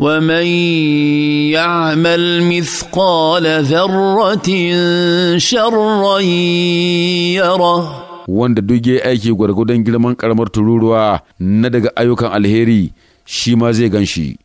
ومن يعمل مثقال ذرة شرا يره wanda duk ya aiki gwargwadon girman karamar tururuwa na daga ayyukan alheri shi ma zai gan shi.